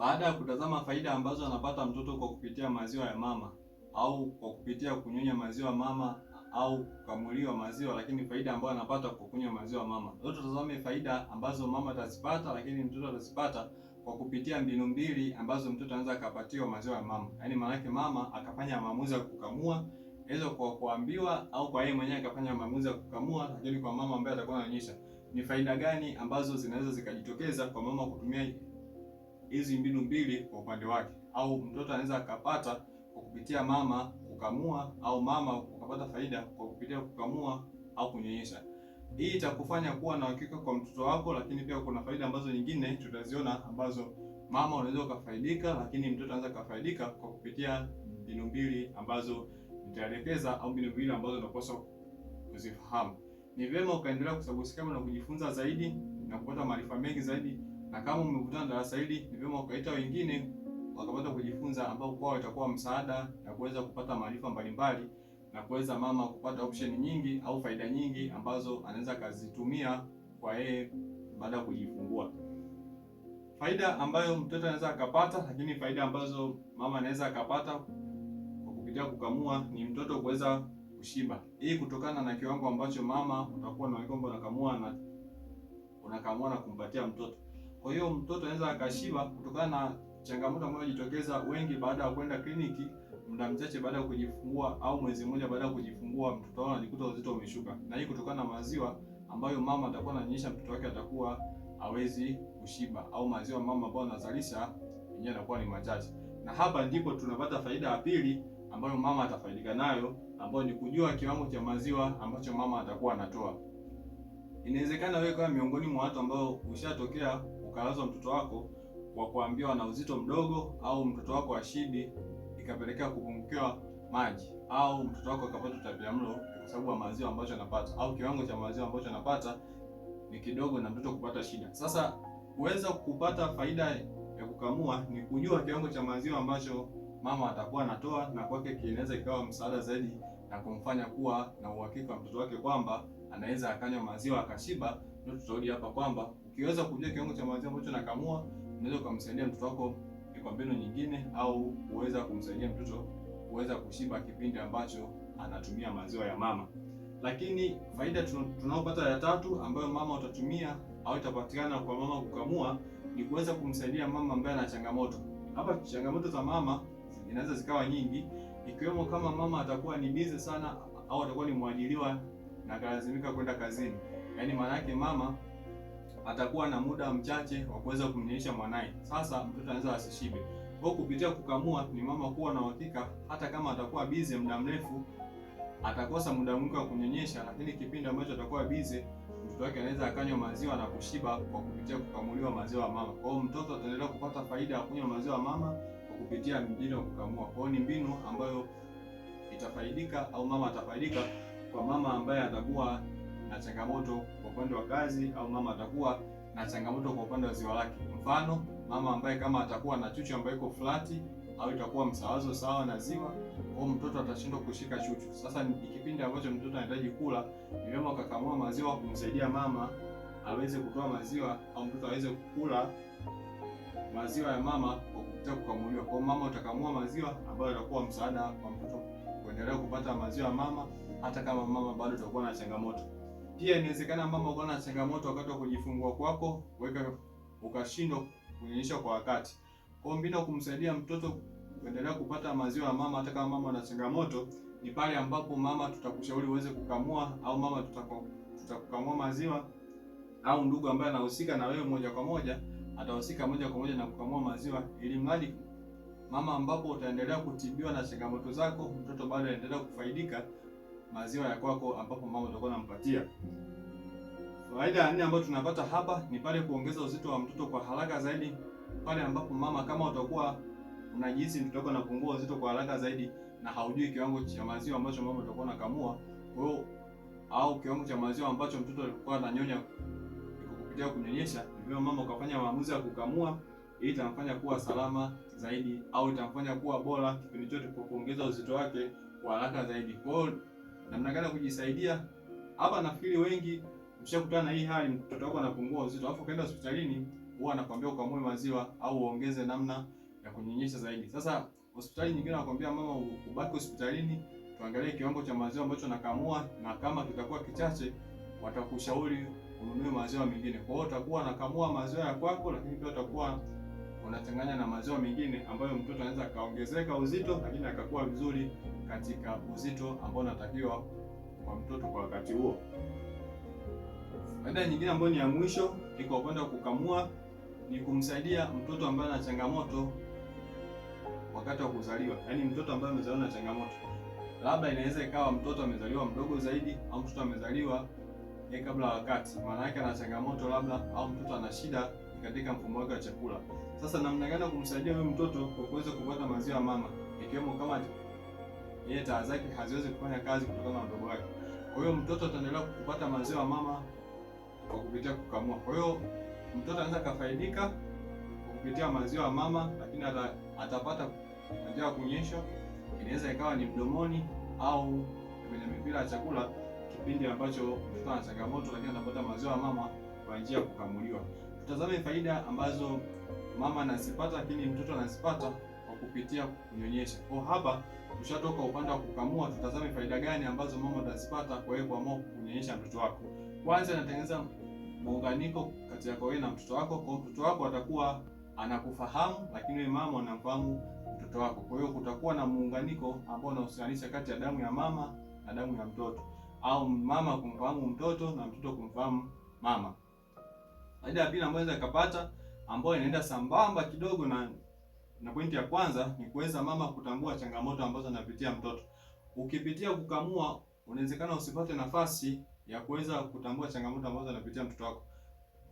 Baada ya kutazama faida ambazo anapata mtoto kwa kupitia maziwa ya mama au kwa kupitia kunyonya maziwa mama au kukamuliwa maziwa, lakini faida ambayo anapata kwa kunywa maziwa mama. Leo tutazame faida ambazo mama atazipata, lakini mtoto atazipata kwa kupitia mbinu mbili ambazo mtoto anaweza akapatiwa maziwa ya mama. Yaani maanake mama akafanya maamuzi ya kukamua hizo kwa kuambiwa au kwa yeye mwenyewe akafanya maamuzi ya kukamua, lakini kwa mama ambaye atakuwa ananyonyesha, ni faida gani ambazo zinaweza zikajitokeza kwa mama kutumia hizi mbinu mbili kwa upande wake, au mtoto anaweza akapata kwa kupitia mama kukamua, au mama ukapata faida kwa kupitia kukamua au kunyonyesha. Hii itakufanya kuwa na uhakika kwa mtoto wako, lakini pia kuna faida ambazo nyingine tutaziona ambazo mama unaweza ukafaidika, lakini mtoto anaweza kafaidika kwa kupitia mbinu mbili ambazo nitaelekeza, au mbinu mbili ambazo unapaswa kuzifahamu. Ni vyema ukaendelea kusubscribe na kujifunza zaidi na kupata maarifa mengi zaidi na kama umekutana darasa hili, ni vyema ukaita wengine wakapata kujifunza, ambao kwao itakuwa msaada na kuweza kupata maarifa mbalimbali na kuweza mama kupata option nyingi au faida nyingi ambazo anaweza akazitumia kwa yeye baada ya kujifungua. Faida ambayo mtoto anaweza akapata, lakini faida ambazo mama anaweza akapata kwa kupitia kukamua ni mtoto kuweza kushiba. Hii kutokana na kiwango ambacho mama utakuwa na kwamba unakamua na unakamua na kumpatia mtoto. Kwa hiyo mtoto anaweza akashiba kutokana na changamoto ambayo inajitokeza wengi baada ya kwenda kliniki muda mchache baada ya kujifungua au mwezi mmoja baada ya kujifungua, mtoto wao anajikuta uzito umeshuka, na hii kutokana na maziwa ambayo mama atakuwa ananyonyesha mtoto wake atakuwa hawezi kushiba, au maziwa mama ambayo anazalisha yenyewe anakuwa ni machache. Na hapa ndipo tunapata faida ya pili ambayo mama atafaidika nayo, ambayo ni kujua kiwango cha maziwa ambacho mama atakuwa anatoa. Inawezekana wewe kama miongoni mwa watu ambao ushatokea ukalazwa mtoto wako kwa kuambiwa ana uzito mdogo, au mtoto wako ashidi ikapelekea kupungukiwa maji, au mtoto wako akapata utapiamlo kwa sababu ya maziwa ambacho anapata, au kiwango cha maziwa ambacho anapata ni kidogo na mtoto kupata shida. Sasa kuweza kupata faida ya kukamua ni kujua kiwango cha maziwa ambacho mama atakuwa anatoa, na kwake kinaweza ikawa msaada zaidi na kumfanya kuwa na uhakika mtoto wake kwamba anaweza akanywa maziwa akashiba. Ndio tutarudi hapa kwamba ukiweza kujua kiwango cha maziwa ambacho nakamua, unaweza ukamsaidia mtoto wako kwa mbinu nyingine, au kuweza kumsaidia mtoto kuweza kushiba kipindi ambacho anatumia maziwa ya mama. Lakini faida tunaopata ya tatu ambayo mama utatumia au itapatikana kwa mama kukamua ni kuweza kumsaidia mama ambaye ana changamoto. Hapa changamoto za mama inaweza zikawa nyingi, ikiwemo kama mama atakuwa ni busy sana au atakuwa ni mwajiriwa na akalazimika kwenda kazini, yaani maana yake mama atakuwa na muda mchache wa kuweza kumnyonyesha mwanaye. Sasa mtoto anaweza asishibe. Kwa kupitia kukamua ni mama kuwa na uhakika, hata kama atakuwa bize muda mrefu atakosa muda mwingi wa kunyonyesha, lakini kipindi ambacho atakuwa bize mtoto wake anaweza akanywa maziwa na kushiba kwa kupitia kukamuliwa maziwa ya mama. Kwa hiyo mtoto ataendelea kupata faida ya kunywa maziwa ya mama kwa kupitia mbinu ya kukamua. Kwa hiyo ni mbinu ambayo itafaidika au mama atafaidika kwa mama ambaye atakuwa na changamoto kwa upande wa kazi au mama atakuwa na changamoto kwa upande wa ziwa lake. Mfano, mama ambaye kama atakuwa na chuchu ambayo iko flati au itakuwa msawazo sawa na ziwa, au mtoto atashindwa kushika chuchu. Sasa ni kipindi ambacho mtoto anahitaji kula, ni vyema ukakamua maziwa kumsaidia mama aweze kutoa maziwa au mtoto aweze kukula maziwa ya mama kwa kupitia kukamuliwa. Kwa mama utakamua maziwa ambayo yatakuwa msaada kwa mtoto kuendelea kupata maziwa ya mama, hata kama mama bado atakuwa na changamoto. Pia inawezekana mama ukawa na changamoto wakati wa kujifungua kwako, weka ukashindwa kunyonyesha kwa wakati. Kwa mbinu ya kumsaidia mtoto kuendelea kupata maziwa ya mama hata kama mama ana changamoto ni pale ambapo mama tutakushauri uweze kukamua au mama tutakukamua maziwa au ndugu ambaye anahusika na wewe moja kwa moja atahusika moja kwa moja na kukamua maziwa, ili mradi mama ambapo utaendelea kutibiwa na changamoto zako, mtoto bado anaendelea kufaidika maziwa ya kwako ambapo mama utakuwa unampatia. Faida ya nne ambayo tunapata hapa ni pale kuongeza uzito wa mtoto kwa haraka zaidi, pale ambapo mama, kama utakuwa unajihisi mtoto wako anapungua uzito kwa haraka zaidi na haujui kiwango cha maziwa ambacho mama utakuwa unakamua, kwa hiyo au kiwango cha maziwa ambacho mtoto alikuwa ananyonya kupitia kunyonyesha, ndio mama ukafanya maamuzi ya kukamua ili itamfanya kuwa salama zaidi au itamfanya kuwa bora kipindi chote kwa kuongeza uzito wake kwa haraka zaidi. Kwa hiyo namna gani ya kujisaidia. Hapa nafikiri wengi mshakutana na hii hali, mtoto wako anapungua uzito, alafu ukaenda hospitalini, huwa anakuambia ukamue maziwa au uongeze namna ya kunyonyesha zaidi. Sasa hospitali nyingine anakwambia mama, ubaki hospitalini tuangalie kiwango cha maziwa ambacho nakamua, na kama kitakuwa kichache watakushauri ununue maziwa mengine. Kwa hiyo utakuwa nakamua maziwa ya kwako, lakini pia utakuwa unachanganya na maziwa mengine ambayo mtoto anaweza akaongezeka uzito, lakini akakuwa vizuri katika uzito ambao unatakiwa kwa mtoto kwa wakati huo. Faida nyingine ambayo ni ya mwisho ni kwa upande wa kukamua, ni kumsaidia mtoto ambaye ana changamoto wakati wa kuzaliwa, yaani mtoto ambaye amezaliwa na changamoto, labda inaweza ikawa mtoto amezaliwa mdogo zaidi au mtoto amezaliwa yeye kabla wakati, maana yake ana changamoto labda, au mtoto ana shida katika mfumo wake wa chakula. Sasa namna gani kumsaidia huyo mtoto kwa kuweza kupata maziwa mama, ikiwemo kama yeye taa zake haziwezi kufanya kazi kutokana na udogo wake. Kwa hiyo mtoto ataendelea kupata maziwa mama kwa kupitia kukamua. Kwa hiyo mtoto anaweza kafaidika kupitia maziwa mama, lakini ata, atapata njia ya kunyesha, inaweza ikawa ni mdomoni au kwenye mipira ya chakula, kipindi ambacho mtoto ana changamoto, lakini anapata maziwa mama kwa njia ya kukamuliwa. Tutazame faida ambazo mama anazipata, lakini mtoto anazipata kupitia kunyonyesha. Kwa hapa tushatoka upande wa kukamua, tutazame faida gani ambazo mama atazipata kwa yeye kuamua kunyonyesha mtoto wako. Kwanza anatengeneza muunganiko kati yako wewe na mtoto wako. Kwa mtoto wako atakuwa anakufahamu, lakini wewe mama unamfahamu mtoto wako. Kwa hiyo kutakuwa na muunganiko ambao unahusianisha kati ya damu ya mama na damu ya mtoto, au mama kumfahamu mtoto na mtoto kumfahamu mama. Faida ya pili ambayo inaweza ikapata ambayo inaenda sambamba kidogo na na pointi ya kwanza ni kuweza mama kutambua changamoto ambazo anapitia mtoto. Ukipitia kukamua, unawezekana usipate nafasi ya kuweza kutambua changamoto ambazo anapitia mtoto wako.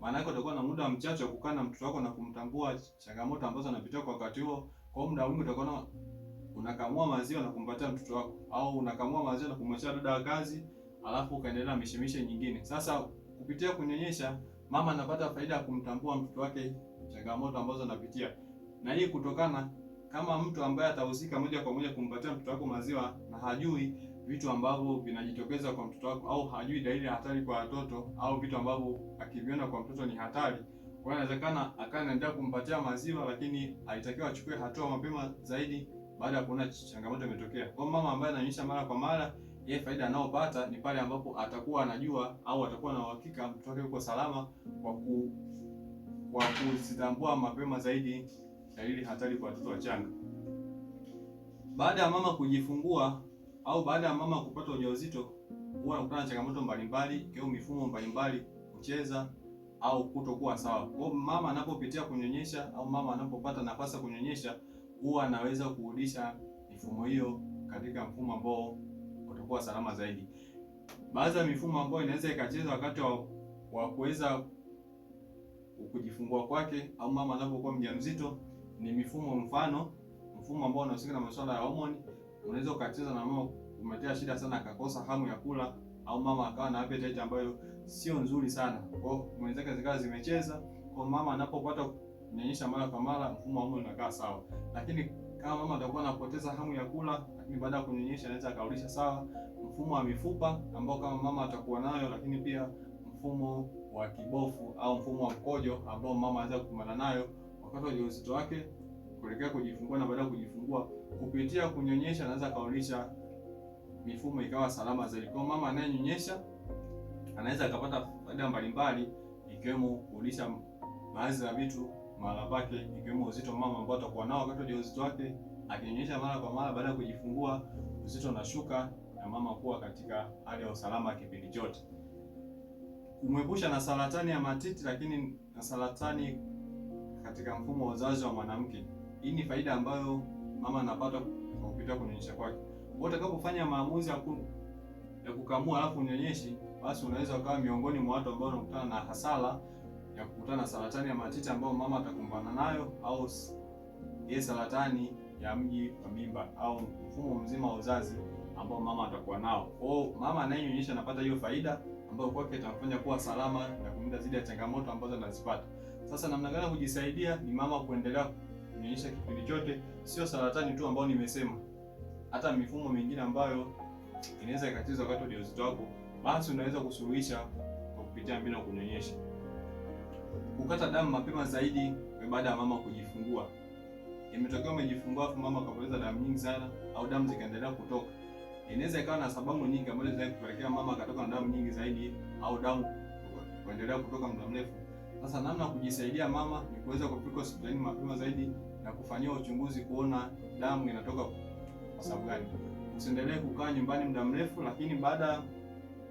Maana yake utakuwa na muda mchache wa kukaa na mtoto wako na kumtambua changamoto ambazo anapitia kwa wakati huo. Kwa muda mwingi utakuwa na unakamua maziwa na kumpatia mtoto wako au unakamua maziwa na kumwachia dada wa kazi, alafu ukaendelea na mishemishe nyingine. Sasa kupitia kunyonyesha, mama anapata faida ya kumtambua mtoto wake, changamoto ambazo anapitia. Na hii kutokana kama mtu ambaye atahusika moja kwa moja kumpatia mtoto wako maziwa na hajui vitu ambavyo vinajitokeza kwa mtoto wako, au hajui dalili ya hatari kwa watoto, au vitu ambavyo akiviona kwa mtoto ni hatari, kwa inawezekana akawa anaendelea kumpatia maziwa, lakini alitakiwa achukue hatua mapema zaidi baada ya kuona changamoto imetokea. Kwa mama ambaye ananyonyesha mara kwa mara, yeye faida anayopata ni pale ambapo atakuwa anajua au atakuwa na uhakika mtoto wake yuko salama, kwa ku kwa kuzitambua mapema zaidi dalili hatari kwa watoto wachanga. Baada ya mama kujifungua au baada ya mama kupata ujauzito, huwa anakutana na changamoto mbalimbali, ikiwemo mifumo mbalimbali kucheza au kutokuwa sawa. Kwa mama anapopitia kunyonyesha au mama anapopata nafasi ya kunyonyesha, huwa anaweza kurudisha mifumo hiyo katika mfumo ambao utakuwa salama zaidi. Baadhi ya mifumo ambayo inaweza ikacheza wakati wa, wa kuweza kujifungua kwake au mama anapokuwa mjamzito ni mifumo mfano mfumo ambao unahusika na masuala ya homoni. Unaweza ukacheza na mama umetia shida sana, akakosa hamu ya kula, au mama akawa na appetite ambayo sio nzuri sana, kwa mwenzake zikawa zimecheza kwa mama anapopata kunyonyesha mara kwa mara, mfumo wa homoni unakaa sawa, lakini kama mama atakuwa anapoteza hamu ya kula, lakini baada ya kunyonyesha anaweza akarudisha sawa. Mfumo wa mifupa ambao kama mama atakuwa nayo, lakini pia mfumo wa kibofu au mfumo wa mkojo ambao mama anaweza kukumbana nayo wakati wa ujauzito wake kuelekea kujifungua na baada ya kujifungua, kupitia kunyonyesha anaweza kaolisha mifumo ikawa salama zaidi. Kwa mama anayenyonyesha anaweza akapata faida mbalimbali, ikiwemo kulisha baadhi ya vitu mahala pake, ikiwemo uzito mama ambao atakuwa nao wakati wa ujauzito wake. Akinyonyesha mara kwa mara baada ya kujifungua, uzito unashuka na mama kuwa katika hali ya usalama kipindi chote, kumwepusha na saratani ya matiti, lakini na saratani katika mfumo wa uzazi wa mwanamke. Hii ni faida ambayo mama anapata kwa kupitia kunyonyesha kwake. Utakapofanya maamuzi ya kukamua alafu unyonyeshi, basi unaweza ukawa miongoni mwa watu ambao wanakutana na hasara ya kukutana na saratani ya matiti ambayo mama atakumbana nayo, au ile saratani ya mji wa mimba au mfumo mzima wa uzazi ambao mama atakuwa nao. Kwa hiyo mama anayenyonyesha anapata hiyo faida ambayo kwake itamfanya kuwa salama na kumlinda dhidi ya changamoto ambazo anazipata. Sasa namna gani kujisaidia ni mama kuendelea kunyonyesha kipindi chote, sio saratani tu ambayo nimesema, hata mifumo mingine ambayo inaweza ikatiza wakati wa ujauzito wako, basi unaweza kusuluhisha kwa kupitia mbinu ya kunyonyesha. Kukata damu mapema zaidi baada ya mama kujifungua. Imetokea umejifungua afu mama akapoteza damu nyingi sana au damu zikaendelea kutoka. Inaweza ikawa na sababu nyingi ambazo zinaweza kupelekea mama akatoka na damu nyingi zaidi au damu kuendelea kutoka muda mrefu sasa namna ya kujisaidia mama ni kuweza kufika hospitalini mapema zaidi na kufanyiwa uchunguzi kuona damu inatoka kwa sababu gani. Usiendelee kukaa nyumbani muda mrefu, lakini baada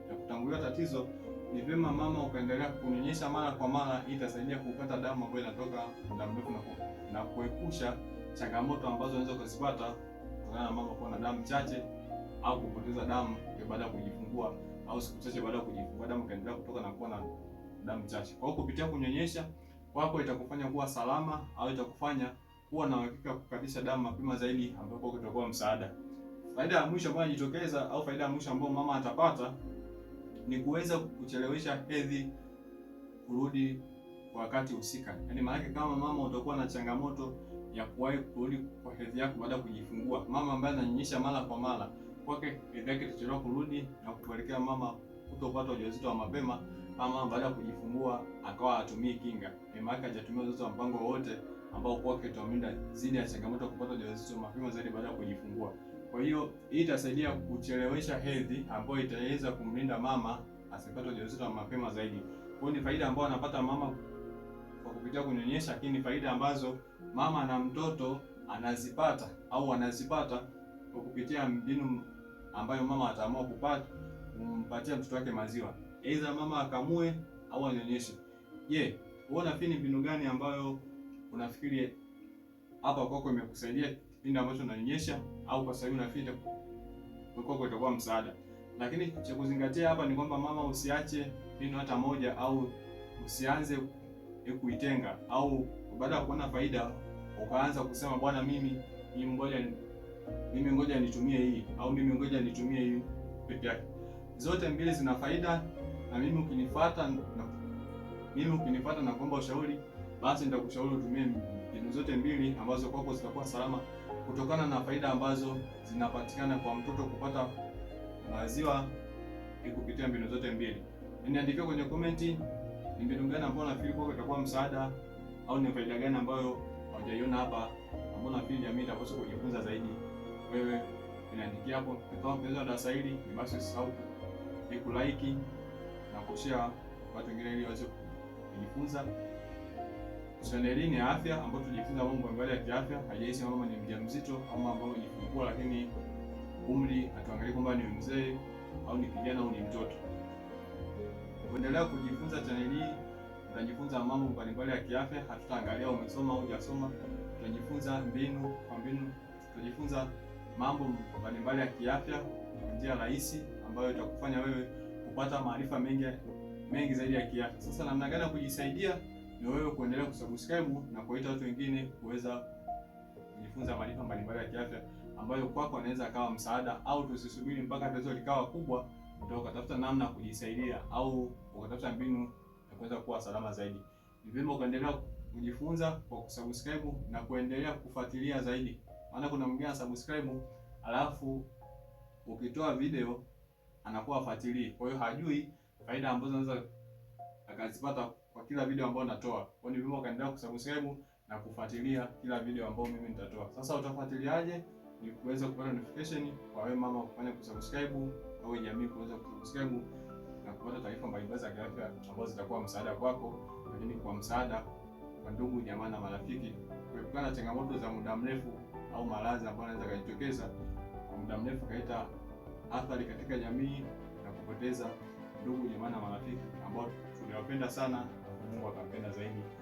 ya kutanguliwa tatizo ni vyema mama ukaendelea kunyonyesha mara kwa mara, ili itasaidia kupata damu ambayo inatoka muda mrefu na na kuepusha changamoto ambazo unaweza kuzipata kutokana na mama kuwa na damu chache au kupoteza damu baada ya kujifungua au siku chache baada ya kujifungua damu kaendelea kutoka na kuwa na damu chache. Kwa hiyo kupitia kunyonyesha kwako itakufanya kuwa salama au itakufanya kuwa na uhakika kukatisha damu mapema zaidi, ambapo kutakuwa msaada. Faida ya mwisho ambayo inajitokeza au faida ya mwisho ambayo mama atapata ni kuweza kuchelewesha hedhi kurudi kwa wakati husika. Yaani maana yake kama mama utakuwa na changamoto ya kuwahi kurudi kwa hedhi yako baada ya kujifungua, mama ambaye ananyonyesha mara kwa mara kwake hedhi yake itachelewa kurudi na kupelekea mama kutopata ujauzito wa mapema ama baada ya kujifungua akawa atumii kinga, ni maana hajatumia uzazi wa mpango wowote ambao kwake utamlinda zidi ya changamoto ya kupata ujauzito mapema zaidi baada ya kujifungua. Kwa hiyo hii itasaidia kuchelewesha hedhi ambayo itaweza kumlinda mama asipate ujauzito wa mapema zaidi. Kwa hiyo ni faida ambayo anapata mama kwa kupitia kunyonyesha, lakini faida ambazo mama na mtoto anazipata au anazipata kwa kupitia mbinu ambayo mama ataamua kupata kumpatia mtoto wake maziwa aidha mama akamue au anyonyeshe. Je, wewe unafikiri ni mbinu gani ambayo unafikiri hapa kwako imekusaidia kipindi ambacho unanyonyesha au kwa sababu unafikiri kwako itakuwa msaada? Lakini cha kuzingatia hapa ni kwamba mama, usiache mbinu hata moja au usianze kuitenga au baada ya kuona faida ukaanza kusema bwana, mimi hii ngoja mimi ngoja nitumie hii au mimi ngoja nitumie hii peke yake. Zote mbili zina faida na mimi ukinifuata na mimi ukinifuata na kuomba ushauri, basi nitakushauri utumie mbinu zote mbili ambazo kwako zitakuwa salama kutokana na faida ambazo zinapatikana kwa mtoto kupata maziwa kupitia mbinu zote mbili. Niandikie kwenye komenti ni mbinu gani ambayo nafikiri kwako itakuwa msaada au ni faida gani ambayo hujaiona hapa ambayo nafikiri jamii itapaswa kujifunza zaidi. Wewe niandikie hapo. Kama mpenzi wa darasa hili, basi usisahau ni kulike na kushare watu wengine ili waweze kujifunza. Tusione elimu ya afya ambayo tunajifunza mambo mbalimbali ya kiafya, haijalishi kama ni mjamzito au ambao unajifungua, lakini umri atuangalie kwamba ni mzee au ni kijana au ni mtoto. Kuendelea kujifunza channel hii, tutajifunza mambo mbalimbali ya kiafya. Hatutaangalia umesoma au hujasoma, tutajifunza mbinu kwa mbinu, tutajifunza mambo mbalimbali ya kiafya kwa njia rahisi ambayo itakufanya wewe kupata maarifa mengi mengi zaidi ya kiafya. Sasa namna gani ya kujisaidia ni wewe kuendelea kusubscribe na kuita watu wengine kuweza kujifunza maarifa mbalimbali ya kiafya ambayo kwako anaweza akawa msaada, au tusisubiri mpaka tatizo likawa kubwa ndio ukatafuta namna ya kujisaidia au ukatafuta mbinu ya kuweza kuwa salama zaidi. Ni vyema ukaendelea kujifunza kwa kusubscribe na kuendelea kufuatilia zaidi, maana kuna mgeni subscribe alafu ukitoa video anakuwa hafuatilii, kwa hiyo hajui faida ambazo anaweza akazipata kwa kila video ambayo natoa. Kwa hiyo ni vyema ukaendelea kusubscribe na kufuatilia kila video ambayo mimi nitatoa. Sasa utafuatiliaje? Ni kuweza kupata notification kwa wewe mama kufanya kusubscribe au jamii kuweza kusubscribe na kupata taarifa mbalimbali za kiafya ambazo zitakuwa msaada kwako, lakini kwa msaada kwa ndugu jamaa na marafiki, kuepukana na changamoto za muda mrefu au maradhi ambayo anaweza kujitokeza kwa muda mrefu kaita athari katika jamii na kupoteza ndugu, jamaa na marafiki ambao tumewapenda sana. Mungu akampenda zaidi.